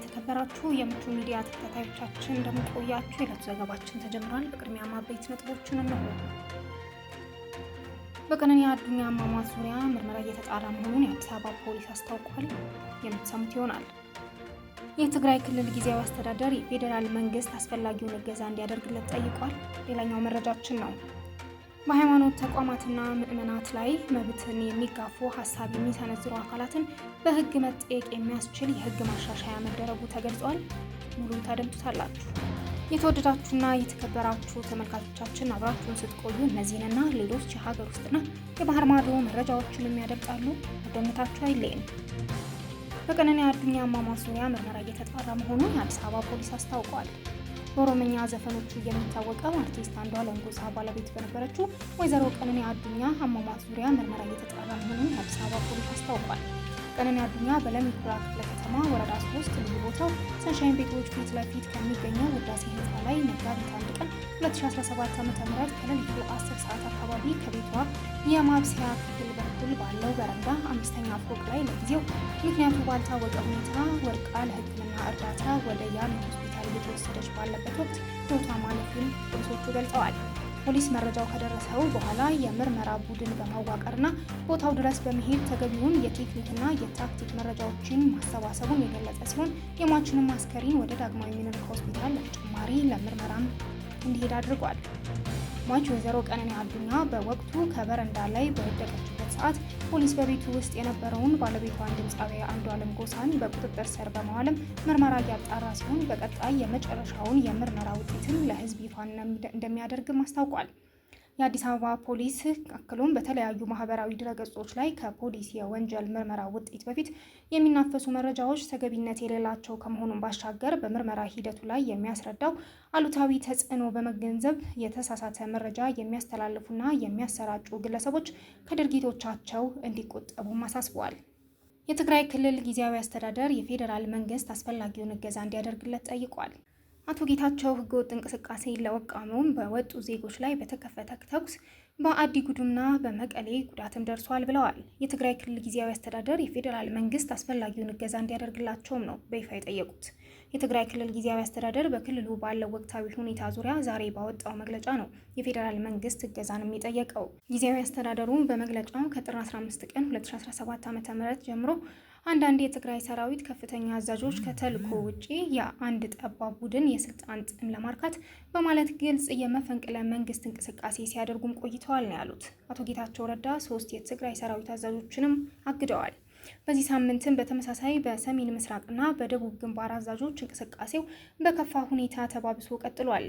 የተከበራችሁ የምቹ ሚዲያ ተከታታዮቻችን እንደምቆያችሁ፣ የዕለቱ ዘገባችን ተጀምሯል። በቅድሚያ ማቤት ነጥቦችን እነሆ። በቀነኒ አዱኛ አሟሟት ዙሪያ ምርመራ እየተጣራ መሆኑን የአዲስ አበባ ፖሊስ አስታውቋል። የምትሰሙት ይሆናል። የትግራይ ክልል ጊዜያዊ አስተዳደር የፌዴራል መንግስት አስፈላጊውን እገዛ እንዲያደርግለት ጠይቋል። ሌላኛው መረጃችን ነው። በሃይማኖት ተቋማትና ምዕመናት ላይ መብትን የሚጋፉ ሀሳብ የሚሰነዝሩ አካላትን በህግ መጠየቅ የሚያስችል የህግ ማሻሻያ መደረጉ ተገልጿል። ሙሉ ታደምጡታላችሁ። የተወደዳችሁና የተከበራችሁ ተመልካቾቻችን አብራችሁን ስትቆዩ እነዚህንና ሌሎች የሀገር ውስጥና የባህር ማዶ መረጃዎችን የሚያደምጣሉ አደምታችሁ አይለይም። በቀነኒ አዱኛ አሟሟት ዙሪያ ምርመራ እየተጣራ መሆኑን የአዲስ አበባ ፖሊስ አስታውቋል። በኦሮምኛ ዘፈኖቹ የሚታወቀው አርቲስት አንዷለም ጎሳ ባለቤት በነበረችው ወይዘሮ ቀነኒ አዱኛ አሟሟት ዙሪያ ምርመራ እየተጣራ መሆኑን የአዲስ አበባ ፖሊስ አስታውቋል። ቀነኒ አዱኛ በለሚ ኩራ ክፍለ ከተማ ወረዳ ሶስት ልዩ ቦታው ሰንሻይን ቤቶች ፊት ለፊት ከሚገኘው ውዳሴ ህንፃ ላይ መጋቢት አንድ ቀን 2017 ዓ ም ከሌሊቱ 10 ሰዓት አካባቢ ከቤቷ የማብሰያ ክፍል በኩል ባለው በረንዳ አምስተኛ ፎቅ ላይ ለጊዜው ምክንያቱ ባልታወቀ ሁኔታ ወድቃ ለሕክምና እርዳታ ወደ ያን ሆስፒታል እየተወሰደች ባለበት ወቅት ህይወቷ ማለፉን ፖሊሶቹ ገልጸዋል። ፖሊስ መረጃው ከደረሰው በኋላ የምርመራ ቡድን በማዋቀርና ቦታው ድረስ በመሄድ ተገቢውን የቴክኒክና የታክቲክ መረጃዎችን ማሰባሰቡን የገለጸ ሲሆን የሟችንም አስከሬን ወደ ዳግማዊ ምኒልክ ሆስፒታል ለተጨማሪ ለምርመራም እንዲሄድ አድርጓል። ሟች ወይዘሮ ቀነኒ አዱኛ በወቅቱ ከበረንዳ ላይ በወደቀች ሰዓት ፖሊስ በቤቱ ውስጥ የነበረውን ባለቤቷን ድምፃዊ አንዷለም ጎሳን በቁጥጥር ስር በመዋልም ምርመራ እያጣራ ሲሆን በቀጣይ የመጨረሻውን የምርመራ ውጤትም ለህዝብ ይፋ እንደሚያደርግም አስታውቋል። የአዲስ አበባ ፖሊስ አክሎም በተለያዩ ማህበራዊ ድረገጾች ላይ ከፖሊስ የወንጀል ምርመራ ውጤት በፊት የሚናፈሱ መረጃዎች ተገቢነት የሌላቸው ከመሆኑን ባሻገር በምርመራ ሂደቱ ላይ የሚያስረዳው አሉታዊ ተጽዕኖ በመገንዘብ የተሳሳተ መረጃ የሚያስተላልፉና የሚያሰራጩ ግለሰቦች ከድርጊቶቻቸው እንዲቆጠቡም አሳስበዋል። የትግራይ ክልል ጊዜያዊ አስተዳደር የፌዴራል መንግስት አስፈላጊውን እገዛ እንዲያደርግለት ጠይቋል። አቶ ጌታቸው ህገወጥ እንቅስቃሴ ለወቃሚውም በወጡ ዜጎች ላይ በተከፈተ ተኩስ በአዲ ጉዱና በመቀሌ ጉዳትም ደርሷል ብለዋል። የትግራይ ክልል ጊዜያዊ አስተዳደር የፌዴራል መንግስት አስፈላጊውን እገዛ እንዲያደርግላቸውም ነው በይፋ የጠየቁት። የትግራይ ክልል ጊዜያዊ አስተዳደር በክልሉ ባለው ወቅታዊ ሁኔታ ዙሪያ ዛሬ ባወጣው መግለጫ ነው የፌዴራል መንግስት እገዛን የጠየቀው። ጊዜያዊ አስተዳደሩ በመግለጫው ከጥር 15 ቀን 2017 ዓ.ም ጀምሮ አንዳንድ የትግራይ ሰራዊት ከፍተኛ አዛዦች ከተልኮ ውጪ የአንድ ጠባብ ቡድን የስልጣን ጥም ለማርካት በማለት ግልጽ የመፈንቅለ መንግስት እንቅስቃሴ ሲያደርጉም ቆይተዋል ነው ያሉት። አቶ ጌታቸው ረዳ ሶስት የትግራይ ሰራዊት አዛዦችንም አግደዋል። በዚህ ሳምንትም በተመሳሳይ በሰሜን ምስራቅና በደቡብ ግንባር አዛዦች እንቅስቃሴው በከፋ ሁኔታ ተባብሶ ቀጥሏል።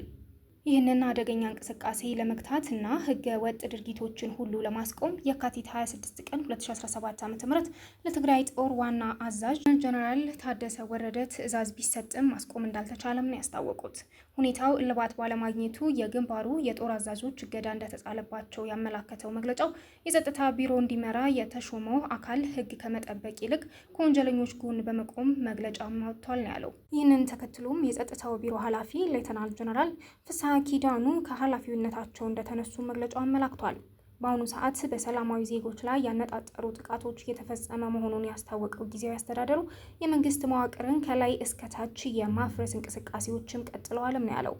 ይህንን አደገኛ እንቅስቃሴ ለመግታት እና ህገ ወጥ ድርጊቶችን ሁሉ ለማስቆም የካቲት 26 ቀን 2017 ዓ.ም ለትግራይ ጦር ዋና አዛዥ ጀነራል ታደሰ ወረደ ትእዛዝ ቢሰጥም ማስቆም እንዳልተቻለም ነው ያስታወቁት። ሁኔታው እልባት ባለማግኘቱ የግንባሩ የጦር አዛዦች እገዳ እንደተጣለባቸው ያመላከተው መግለጫው የጸጥታ ቢሮ እንዲመራ የተሾመው አካል ሕግ ከመጠበቅ ይልቅ ከወንጀለኞች ጎን በመቆም መግለጫ ማውጥቷል ነው ያለው። ይህንን ተከትሎም የጸጥታው ቢሮ ኃላፊ ሌተናል ጀነራል ፍስሐ ኪዳኑ ከኃላፊነታቸው እንደተነሱ መግለጫው አመላክቷል። በአሁኑ ሰዓት በሰላማዊ ዜጎች ላይ ያነጣጠሩ ጥቃቶች እየተፈጸመ መሆኑን ያስታወቀው ጊዜያዊ አስተዳደሩ የመንግስት መዋቅርን ከላይ እስከታች የማፍረስ እንቅስቃሴዎችም ቀጥለዋልም ነው ያለው።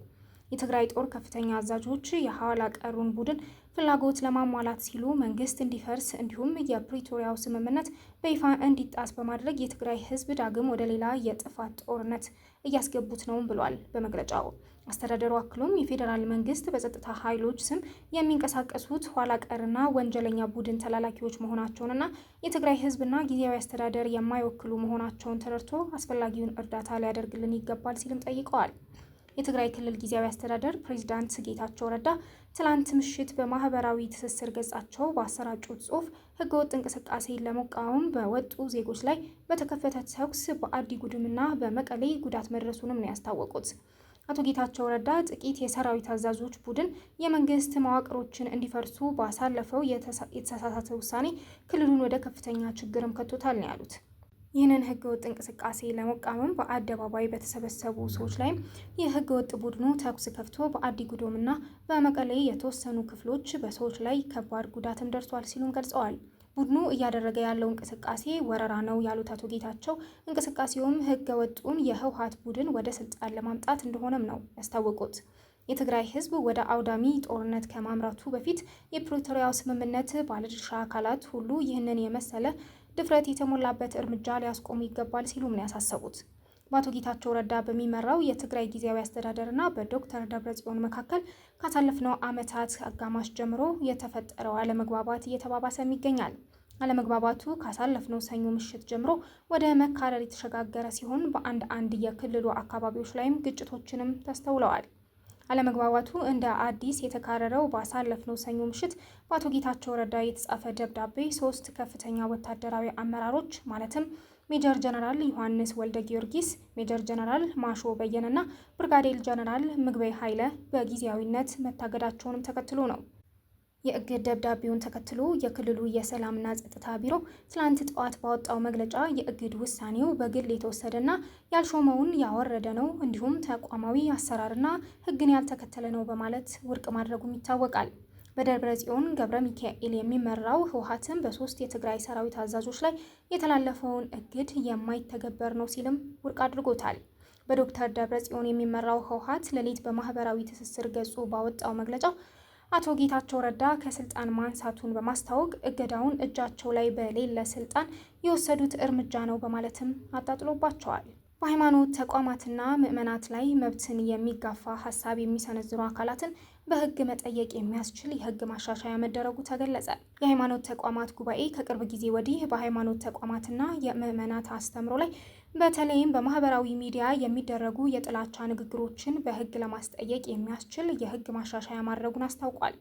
የትግራይ ጦር ከፍተኛ አዛዦች የኋላ ቀሩን ቡድን ፍላጎት ለማሟላት ሲሉ መንግስት እንዲፈርስ እንዲሁም የፕሪቶሪያው ስምምነት በይፋ እንዲጣስ በማድረግ የትግራይ ህዝብ ዳግም ወደ ሌላ የጥፋት ጦርነት እያስገቡት ነው ብሏል በመግለጫው። አስተዳደሩ አክሎም የፌዴራል መንግስት በጸጥታ ኃይሎች ስም የሚንቀሳቀሱት ኋላ ቀርና ወንጀለኛ ቡድን ተላላኪዎች መሆናቸውንና የትግራይ ህዝብና ጊዜያዊ አስተዳደር የማይወክሉ መሆናቸውን ተረድቶ አስፈላጊውን እርዳታ ሊያደርግልን ይገባል ሲልም ጠይቀዋል። የትግራይ ክልል ጊዜያዊ አስተዳደር ፕሬዚዳንት ጌታቸው ረዳ ትላንት ምሽት በማህበራዊ ትስስር ገጻቸው በአሰራጩት ጽሑፍ ህገወጥ እንቅስቃሴን ለመቃወም በወጡ ዜጎች ላይ በተከፈተ ተኩስ በአዲ ጉድምና በመቀሌ ጉዳት መድረሱንም ነው ያስታወቁት። አቶ ጌታቸው ረዳ ጥቂት የሰራዊት አዛዦች ቡድን የመንግስት መዋቅሮችን እንዲፈርሱ ባሳለፈው የተሳሳተ ውሳኔ ክልሉን ወደ ከፍተኛ ችግርም ከቶታል ነው ያሉት። ይህንን ህገወጥ እንቅስቃሴ ለመቃወም በአደባባይ በተሰበሰቡ ሰዎች ላይ የህገወጥ ቡድኑ ተኩስ ከፍቶ በአዲ ጉዶምና በመቀሌ የተወሰኑ ክፍሎች በሰዎች ላይ ከባድ ጉዳትም ደርሷል ሲሉም ገልጸዋል። ቡድኑ እያደረገ ያለው እንቅስቃሴ ወረራ ነው ያሉት አቶ ጌታቸው እንቅስቃሴውም ህገ ወጡን የህውሀት ቡድን ወደ ስልጣን ለማምጣት እንደሆነም ነው ያስታወቁት። የትግራይ ህዝብ ወደ አውዳሚ ጦርነት ከማምራቱ በፊት የፕሪቶሪያው ስምምነት ባለድርሻ አካላት ሁሉ ይህንን የመሰለ ድፍረት የተሞላበት እርምጃ ሊያስቆሙ ይገባል ሲሉም ነው ያሳሰቡት። በአቶ ጌታቸው ረዳ በሚመራው የትግራይ ጊዜያዊ አስተዳደርና በዶክተር ደብረጽዮን መካከል ካሳለፍነው ዓመታት አጋማሽ ጀምሮ የተፈጠረው አለመግባባት እየተባባሰም ይገኛል። አለመግባባቱ ካሳለፍነው ሰኞ ምሽት ጀምሮ ወደ መካረር የተሸጋገረ ሲሆን በአንድ አንድ የክልሉ አካባቢዎች ላይም ግጭቶችንም ተስተውለዋል። አለመግባባቱ እንደ አዲስ የተካረረው ባሳለፍነው ሰኞ ምሽት በአቶ ጌታቸው ረዳ የተጻፈ ደብዳቤ ሶስት ከፍተኛ ወታደራዊ አመራሮች ማለትም ሜጀር ጀነራል ዮሐንስ ወልደ ጊዮርጊስ፣ ሜጀር ጀነራል ማሾ በየነና ብርጋዴር ጀነራል ምግበይ ኃይለ በጊዜያዊነት መታገዳቸውንም ተከትሎ ነው። የእግድ ደብዳቤውን ተከትሎ የክልሉ የሰላምና ጸጥታ ቢሮ ትላንት ጠዋት ባወጣው መግለጫ የእግድ ውሳኔው በግል የተወሰደና ያልሾመውን ያወረደ ነው፣ እንዲሁም ተቋማዊ አሰራርና ሕግን ያልተከተለ ነው በማለት ውድቅ ማድረጉም ይታወቃል። በደብረ ጽዮን ገብረ ሚካኤል የሚመራው ህወሓትም በሶስት የትግራይ ሰራዊት አዛዦች ላይ የተላለፈውን እግድ የማይተገበር ነው ሲልም ውድቅ አድርጎታል። በዶክተር ደብረ ጽዮን የሚመራው ህወሓት ሌሊት በማህበራዊ ትስስር ገጹ ባወጣው መግለጫው አቶ ጌታቸው ረዳ ከስልጣን ማንሳቱን በማስታወቅ እገዳውን እጃቸው ላይ በሌለ ስልጣን የወሰዱት እርምጃ ነው በማለትም አጣጥሎባቸዋል። በሃይማኖት ተቋማትና ምዕመናት ላይ መብትን የሚጋፋ ሀሳብ የሚሰነዝሩ አካላትን በህግ መጠየቅ የሚያስችል የህግ ማሻሻያ መደረጉ ተገለጸ። የሃይማኖት ተቋማት ጉባኤ ከቅርብ ጊዜ ወዲህ በሃይማኖት ተቋማትና የምዕመናት አስተምሮ ላይ በተለይም በማህበራዊ ሚዲያ የሚደረጉ የጥላቻ ንግግሮችን በህግ ለማስጠየቅ የሚያስችል የህግ ማሻሻያ ማድረጉን አስታውቋል።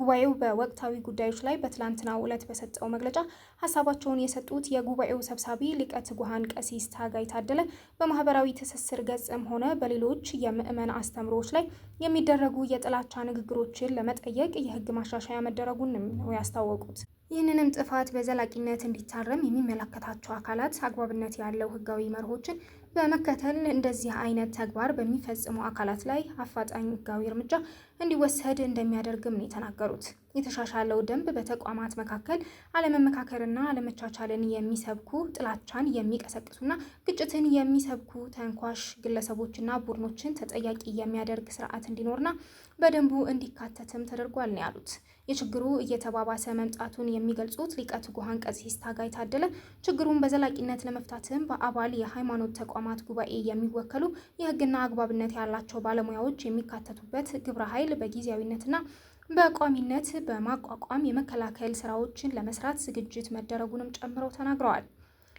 ጉባኤው በወቅታዊ ጉዳዮች ላይ በትላንትናው ዕለት በሰጠው መግለጫ ሀሳባቸውን የሰጡት የጉባኤው ሰብሳቢ ሊቀ ትጉሃን ቀሲስ ታጋይ ታደለ በማህበራዊ ትስስር ገጽም ሆነ በሌሎች የምዕመን አስተምሮዎች ላይ የሚደረጉ የጥላቻ ንግግሮችን ለመጠየቅ የህግ ማሻሻያ መደረጉን ነው ያስታወቁት። ይህንንም ጥፋት በዘላቂነት እንዲታረም የሚመለከታቸው አካላት አግባብነት ያለው ህጋዊ መርሆችን በመከተል እንደዚህ አይነት ተግባር በሚፈጽሙ አካላት ላይ አፋጣኝ ህጋዊ እርምጃ እንዲወሰድ እንደሚያደርግም ነው የተናገሩት። የተሻሻለው ደንብ በተቋማት መካከል አለመመካከርና አለመቻቻልን የሚሰብኩ ጥላቻን የሚቀሰቅሱና ግጭትን የሚሰብኩ ተንኳሽ ግለሰቦችና ቡድኖችን ተጠያቂ የሚያደርግ ስርዓት እንዲኖርና በደንቡ እንዲካተትም ተደርጓል ነው ያሉት። የችግሩ እየተባባሰ መምጣቱን የሚገልጹት ሊቀ ትጉሃን ቀሲስ ታጋይ ታደለ ችግሩን በዘላቂነት ለመፍታትም በአባል የሃይማኖት ተቋማት ጉባኤ የሚወከሉ የህግና አግባብነት ያላቸው ባለሙያዎች የሚካተቱበት ግብረ ኃይል በጊዜያዊነትና በቋሚነት በማቋቋም የመከላከል ስራዎችን ለመስራት ዝግጅት መደረጉንም ጨምረው ተናግረዋል።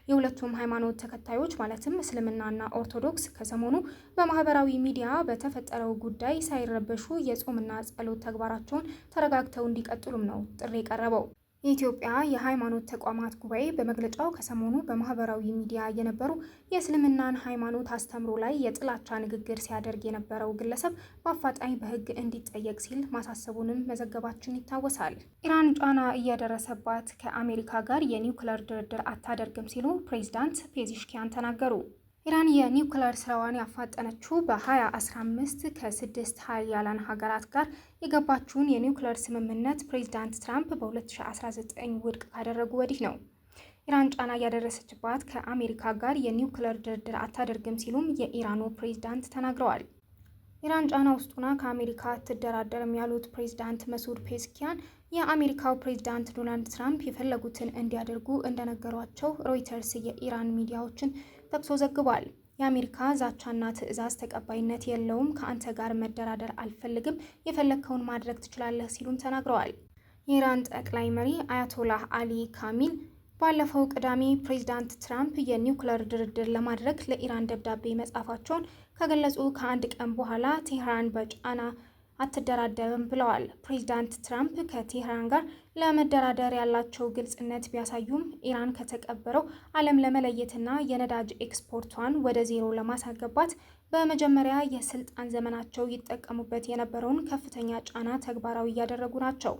የሁለቱም ሃይማኖት ተከታዮች ማለትም እስልምናና ኦርቶዶክስ ከሰሞኑ በማህበራዊ ሚዲያ በተፈጠረው ጉዳይ ሳይረበሹ የጾምና ጸሎት ተግባራቸውን ተረጋግተው እንዲቀጥሉም ነው ጥሪ የቀረበው። የኢትዮጵያ የሃይማኖት ተቋማት ጉባኤ በመግለጫው ከሰሞኑ በማህበራዊ ሚዲያ የነበሩ የእስልምናን ሃይማኖት አስተምሮ ላይ የጥላቻ ንግግር ሲያደርግ የነበረው ግለሰብ በአፋጣኝ በሕግ እንዲጠየቅ ሲል ማሳሰቡንም መዘገባችን ይታወሳል። ኢራን ጫና እያደረሰባት ከአሜሪካ ጋር የኒውክለር ድርድር አታደርግም ሲሉ ፕሬዚዳንት ፔዚሽኪያን ተናገሩ። ኢራን የኒውክሌር ስራዋን ያፋጠነችው በ2015 ከስድስት ሀያላን ሀገራት ጋር የገባችውን የኒውክሌር ስምምነት ፕሬዚዳንት ትራምፕ በ2019 ውድቅ ካደረጉ ወዲህ ነው። ኢራን ጫና እያደረሰችባት ከአሜሪካ ጋር የኒውክሌር ድርድር አታደርግም ሲሉም የኢራኑ ፕሬዚዳንት ተናግረዋል። ኢራን ጫና ውስጡና ከአሜሪካ አትደራደርም ያሉት ፕሬዚዳንት መሱድ ፔስኪያን የአሜሪካው ፕሬዚዳንት ዶናልድ ትራምፕ የፈለጉትን እንዲያደርጉ እንደነገሯቸው ሮይተርስ የኢራን ሚዲያዎችን ጠቅሶ ዘግቧል። የአሜሪካ ዛቻና ትዕዛዝ ተቀባይነት የለውም፣ ከአንተ ጋር መደራደር አልፈልግም፣ የፈለግከውን ማድረግ ትችላለህ ሲሉም ተናግረዋል። የኢራን ጠቅላይ መሪ አያቶላህ አሊ ካሚል ባለፈው ቅዳሜ ፕሬዚዳንት ትራምፕ የኒውክለር ድርድር ለማድረግ ለኢራን ደብዳቤ መጻፋቸውን ከገለጹ ከአንድ ቀን በኋላ ቴህራን በጫና አትደራደርም ብለዋል። ፕሬዚዳንት ትራምፕ ከቴህራን ጋር ለመደራደር ያላቸው ግልጽነት ቢያሳዩም ኢራን ከተቀበረው ዓለም ለመለየትና የነዳጅ ኤክስፖርቷን ወደ ዜሮ ለማሳገባት በመጀመሪያ የስልጣን ዘመናቸው ይጠቀሙበት የነበረውን ከፍተኛ ጫና ተግባራዊ እያደረጉ ናቸው።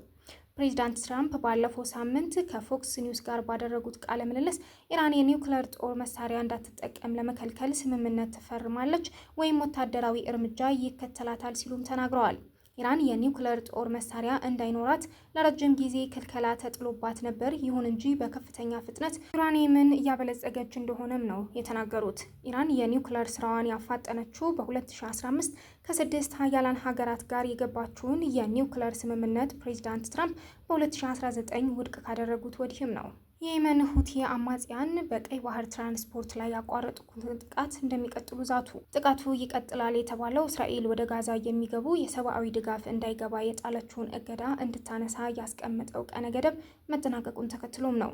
ፕሬዚዳንት ትራምፕ ባለፈው ሳምንት ከፎክስ ኒውስ ጋር ባደረጉት ቃለ ምልልስ ኢራን የኒውክሌር ጦር መሳሪያ እንዳትጠቀም ለመከልከል ስምምነት ትፈርማለች ወይም ወታደራዊ እርምጃ ይከተላታል ሲሉም ተናግረዋል። ኢራን የኒውክለር ጦር መሳሪያ እንዳይኖራት ለረጅም ጊዜ ክልከላ ተጥሎባት ነበር። ይሁን እንጂ በከፍተኛ ፍጥነት ዩራኒየምን እያበለጸገች እንደሆነም ነው የተናገሩት። ኢራን የኒውክለር ስራዋን ያፋጠነችው በ2015 ከስድስት ሀያላን ሀገራት ጋር የገባችውን የኒውክለር ስምምነት ፕሬዚዳንት ትራምፕ በ2019 ውድቅ ካደረጉት ወዲህም ነው። የየመን ሁቲ አማጽያን በቀይ ባህር ትራንስፖርት ላይ ያቋረጡትን ጥቃት እንደሚቀጥሉ ዛቱ። ጥቃቱ ይቀጥላል የተባለው እስራኤል ወደ ጋዛ የሚገቡ የሰብአዊ ድጋፍ እንዳይገባ የጣለችውን እገዳ እንድታነሳ ያስቀመጠው ቀነ ገደብ መጠናቀቁን ተከትሎም ነው።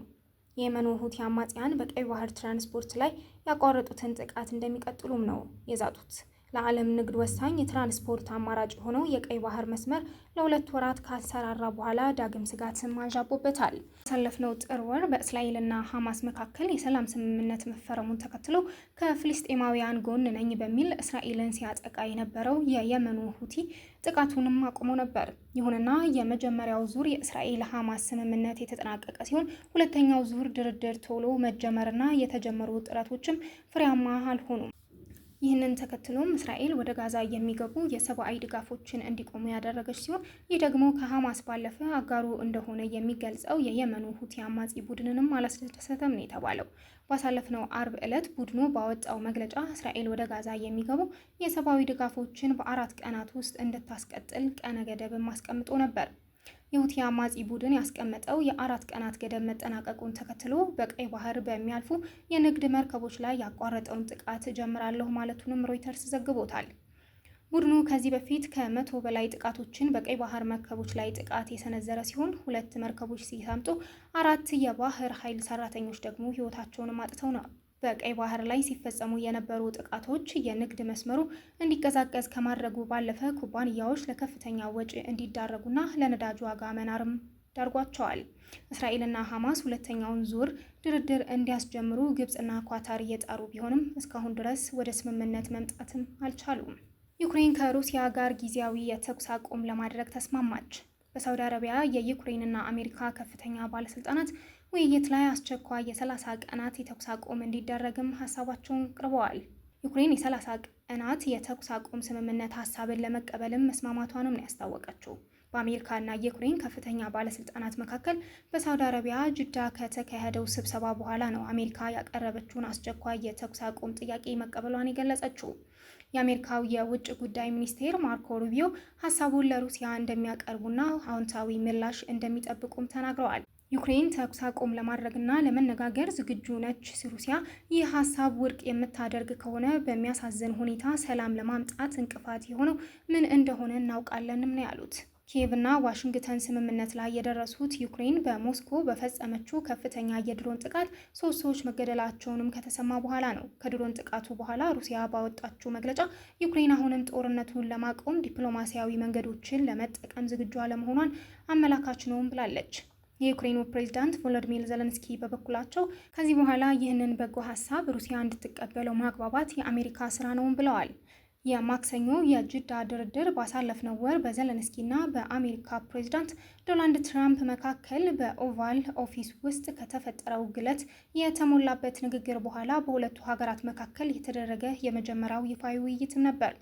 የየመኑ ሁቲ አማጽያን በቀይ ባህር ትራንስፖርት ላይ ያቋረጡትን ጥቃት እንደሚቀጥሉም ነው የዛቱት። ለዓለም ንግድ ወሳኝ የትራንስፖርት አማራጭ የሆነው የቀይ ባህር መስመር ለሁለት ወራት ካሰራራ በኋላ ዳግም ስጋት ማንዣቦበታል። ያሳለፍነው ጥር ወር በእስራኤልና ሐማስ መካከል የሰላም ስምምነት መፈረሙን ተከትሎ ከፍልስጤማውያን ጎን ነኝ በሚል እስራኤልን ሲያጠቃ የነበረው የየመኑ ሁቲ ጥቃቱንም አቁሞ ነበር። ይሁንና የመጀመሪያው ዙር የእስራኤል ሐማስ ስምምነት የተጠናቀቀ ሲሆን ሁለተኛው ዙር ድርድር ቶሎ መጀመርና የተጀመሩ ጥረቶችም ፍሬያማ አልሆኑም። ይህንን ተከትሎም እስራኤል ወደ ጋዛ የሚገቡ የሰብአዊ ድጋፎችን እንዲቆሙ ያደረገች ሲሆን ይህ ደግሞ ከሐማስ ባለፈ አጋሩ እንደሆነ የሚገልጸው የየመኑ ሁቲ አማጺ ቡድንንም አላስደሰተም ነው የተባለው። ባሳለፍነው አርብ ዕለት ቡድኑ ባወጣው መግለጫ እስራኤል ወደ ጋዛ የሚገቡ የሰብአዊ ድጋፎችን በአራት ቀናት ውስጥ እንድታስቀጥል ቀነ ገደብን ማስቀምጦ ነበር። የሁቲ አማጺ ቡድን ያስቀመጠው የአራት ቀናት ገደብ መጠናቀቁን ተከትሎ በቀይ ባህር በሚያልፉ የንግድ መርከቦች ላይ ያቋረጠውን ጥቃት ጀምራለሁ ማለቱንም ሮይተርስ ዘግቦታል። ቡድኑ ከዚህ በፊት ከመቶ በላይ ጥቃቶችን በቀይ ባህር መርከቦች ላይ ጥቃት የሰነዘረ ሲሆን ሁለት መርከቦች ሲሰምጡ፣ አራት የባህር ኃይል ሰራተኞች ደግሞ ሕይወታቸውን አጥተው ነው። በቀይ ባህር ላይ ሲፈጸሙ የነበሩ ጥቃቶች የንግድ መስመሩ እንዲቀዛቀዝ ከማድረጉ ባለፈ ኩባንያዎች ለከፍተኛ ወጪ እንዲዳረጉና ለነዳጅ ዋጋ መናርም ዳርጓቸዋል። እስራኤልና ሐማስ ሁለተኛውን ዙር ድርድር እንዲያስጀምሩ ግብፅና ኳታር እየጣሩ ቢሆንም እስካሁን ድረስ ወደ ስምምነት መምጣትም አልቻሉም። ዩክሬን ከሩሲያ ጋር ጊዜያዊ የተኩስ አቁም ለማድረግ ተስማማች። በሳውዲ አረቢያ የዩክሬንና አሜሪካ ከፍተኛ ባለስልጣናት ውይይት ላይ አስቸኳይ የሰላሳ ቀናት የተኩስ አቁም እንዲደረግም ሀሳባቸውን ቅርበዋል። ዩክሬን የሰላሳ ቀናት የተኩስ አቁም ስምምነት ሀሳብን ለመቀበልም መስማማቷንም ነው ያስታወቀችው። በአሜሪካና ዩክሬን ከፍተኛ ባለስልጣናት መካከል በሳውዲ አረቢያ ጅዳ ከተካሄደው ስብሰባ በኋላ ነው አሜሪካ ያቀረበችውን አስቸኳይ የተኩስ አቁም ጥያቄ መቀበሏን የገለጸችው። የአሜሪካው የውጭ ጉዳይ ሚኒስቴር ማርኮ ሩቢዮ ሀሳቡን ለሩሲያ እንደሚያቀርቡና አዎንታዊ ምላሽ እንደሚጠብቁም ተናግረዋል። ዩክሬን ተኩስ አቁም ለማድረግና ለመነጋገር ዝግጁ ነች ሩሲያ ይህ ሀሳብ ውድቅ የምታደርግ ከሆነ በሚያሳዝን ሁኔታ ሰላም ለማምጣት እንቅፋት የሆነው ምን እንደሆነ እናውቃለንም ነው ያሉት። ኪየቭና ዋሽንግተን ስምምነት ላይ የደረሱት ዩክሬን በሞስኮ በፈጸመችው ከፍተኛ የድሮን ጥቃት ሶስት ሰዎች መገደላቸውንም ከተሰማ በኋላ ነው። ከድሮን ጥቃቱ በኋላ ሩሲያ ባወጣችው መግለጫ ዩክሬን አሁንም ጦርነቱን ለማቆም ዲፕሎማሲያዊ መንገዶችን ለመጠቀም ዝግጁ አለመሆኗን አመላካች ነውም ብላለች። የዩክሬኑ ፕሬዚዳንት ቮሎዲሚር ዘለንስኪ በበኩላቸው ከዚህ በኋላ ይህንን በጎ ሀሳብ ሩሲያ እንድትቀበለው ማግባባት የአሜሪካ ስራ ነውም ብለዋል። የማክሰኞ የጅዳ ድርድር ባሳለፍነው ወር በዘለንስኪና በአሜሪካ ፕሬዚዳንት ዶናልድ ትራምፕ መካከል በኦቫል ኦፊስ ውስጥ ከተፈጠረው ግለት የተሞላበት ንግግር በኋላ በሁለቱ ሀገራት መካከል የተደረገ የመጀመሪያው ይፋዊ ውይይት ነበር።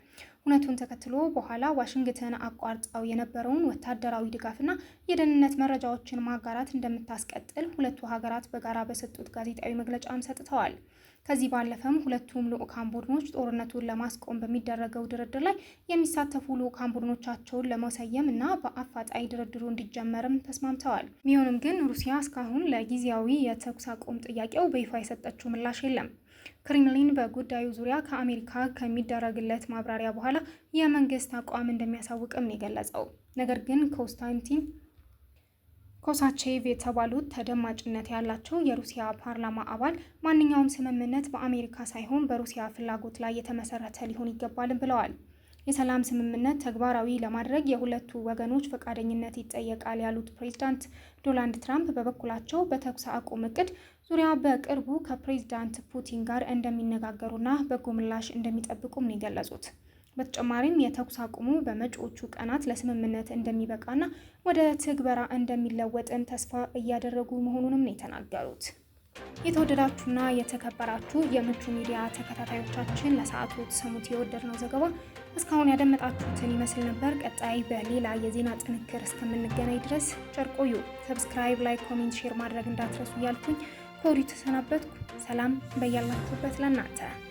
እውነቱን ተከትሎ በኋላ ዋሽንግተን አቋርጠው የነበረውን ወታደራዊ ድጋፍና የደህንነት መረጃዎችን ማጋራት እንደምታስቀጥል ሁለቱ ሀገራት በጋራ በሰጡት ጋዜጣዊ መግለጫም ሰጥተዋል። ከዚህ ባለፈም ሁለቱም ልዑካን ቡድኖች ጦርነቱን ለማስቆም በሚደረገው ድርድር ላይ የሚሳተፉ ልዑካን ቡድኖቻቸውን ለመሰየም እና በአፋጣኝ ድርድሩ እንዲጀመርም ተስማምተዋል። ቢሆንም ግን ሩሲያ እስካሁን ለጊዜያዊ የተኩስ አቁም ጥያቄው በይፋ የሰጠችው ምላሽ የለም። ክሬምሊን በጉዳዩ ዙሪያ ከአሜሪካ ከሚደረግለት ማብራሪያ በኋላ የመንግስት አቋም እንደሚያሳውቅም የገለጸው። ነገር ግን ኮንስታንቲን ኮሳቼቭ የተባሉት ተደማጭነት ያላቸው የሩሲያ ፓርላማ አባል ማንኛውም ስምምነት በአሜሪካ ሳይሆን በሩሲያ ፍላጎት ላይ የተመሰረተ ሊሆን ይገባል ብለዋል። የሰላም ስምምነት ተግባራዊ ለማድረግ የሁለቱ ወገኖች ፈቃደኝነት ይጠየቃል ያሉት ፕሬዚዳንት ዶናልድ ትራምፕ በበኩላቸው በተኩስ አቁም እቅድ ዙሪያ በቅርቡ ከፕሬዚዳንት ፑቲን ጋር እንደሚነጋገሩና በጎ ምላሽ እንደሚጠብቁም ነው የገለጹት። በተጨማሪም የተኩስ አቁሙ በመጪዎቹ ቀናት ለስምምነት እንደሚበቃና ወደ ትግበራ እንደሚለወጥም ተስፋ እያደረጉ መሆኑንም ነው የተናገሩት። የተወደዳችሁና የተከበራችሁ የምቹ ሚዲያ ተከታታዮቻችን ለሰዓቱ ተሰሙት የወደድነው ዘገባ እስካሁን ያደመጣችሁትን ይመስል ነበር። ቀጣይ በሌላ የዜና ጥንክር እስከምንገናኝ ድረስ ቸር ቆዩ። ሰብስክራይብ፣ ላይ ኮሜንት፣ ሼር ማድረግ እንዳትረሱ እያልኩኝ ከወዲሁ ተሰናበትኩ። ሰላም በያላችሁበት ለእናንተ